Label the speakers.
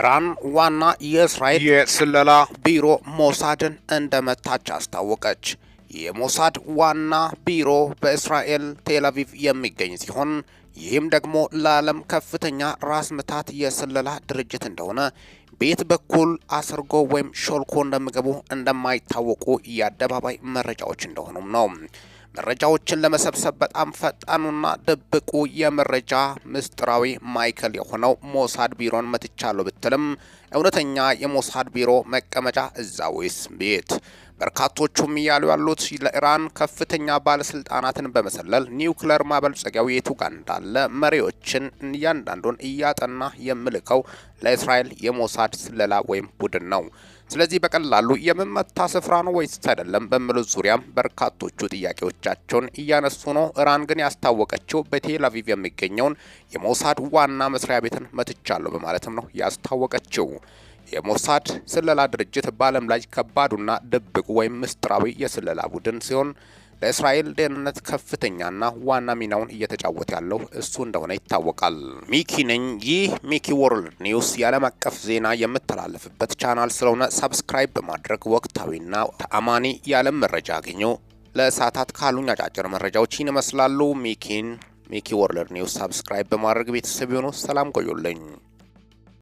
Speaker 1: ኢራን ዋና የእስራኤል
Speaker 2: የስለላ
Speaker 1: ቢሮ ሞሳድን እንደመታች አስታወቀች። የሞሳድ ዋና ቢሮ በእስራኤል ቴልአቪቭ የሚገኝ ሲሆን ይህም ደግሞ ለዓለም ከፍተኛ ራስ ምታት የስለላ ድርጅት እንደሆነ ቤት በኩል አሰርጎ ወይም ሾልኮ እንደሚገቡ እንደማይታወቁ የአደባባይ መረጃዎች እንደሆኑም ነው። መረጃዎችን ለመሰብሰብ በጣም ፈጣኑና ድብቁ የመረጃ ምስጢራዊ ማዕከል የሆነው ሞሳድ ቢሮን መትቻለሁ ብትልም እውነተኛ የሞሳድ ቢሮ መቀመጫ እዛዊስ ቤት በርካቶቹም እያሉ ያሉት ለኢራን ከፍተኛ ባለስልጣናትን በመሰለል ኒውክለር ማበልጸጊያው የቱ ጋር እንዳለ መሪዎችን እያንዳንዱን እያጠና የምልከው ለእስራኤል የሞሳድ ስለላ ወይም ቡድን ነው። ስለዚህ በቀላሉ የምመታ ስፍራ ነው ወይስ አይደለም በሚሉት ዙሪያም በርካቶቹ ጥያቄዎቻቸውን እያነሱ ነው። ኢራን ግን ያስታወቀችው በቴል አቪቭ የሚገኘውን የሞሳድ ዋና መስሪያ ቤትን መትቻለሁ በማለትም ነው ያስታወቀችው። የሞሳድ ስለላ ድርጅት በዓለም ላይ ከባዱና ድብቁ ወይም ምስጢራዊ የስለላ ቡድን ሲሆን ለእስራኤል ደህንነት ከፍተኛና ዋና ሚናውን እየተጫወተ ያለው እሱ እንደሆነ ይታወቃል። ሚኪ ነኝ። ይህ ሚኪ ወርልድ ኒውስ የዓለም አቀፍ ዜና የምተላለፍበት ቻናል ስለሆነ ሰብስክራይብ በማድረግ ወቅታዊና ተአማኒ የዓለም መረጃ አገኙ። ለእሳታት ካሉኝ አጫጭር መረጃዎች ይህን ይመስላሉ። ሚኪን ሚኪ ወርልድ ኒውስ ሰብስክራይብ በማድረግ ቤተሰብ የሆኑ ሰላም ቆዩልኝ።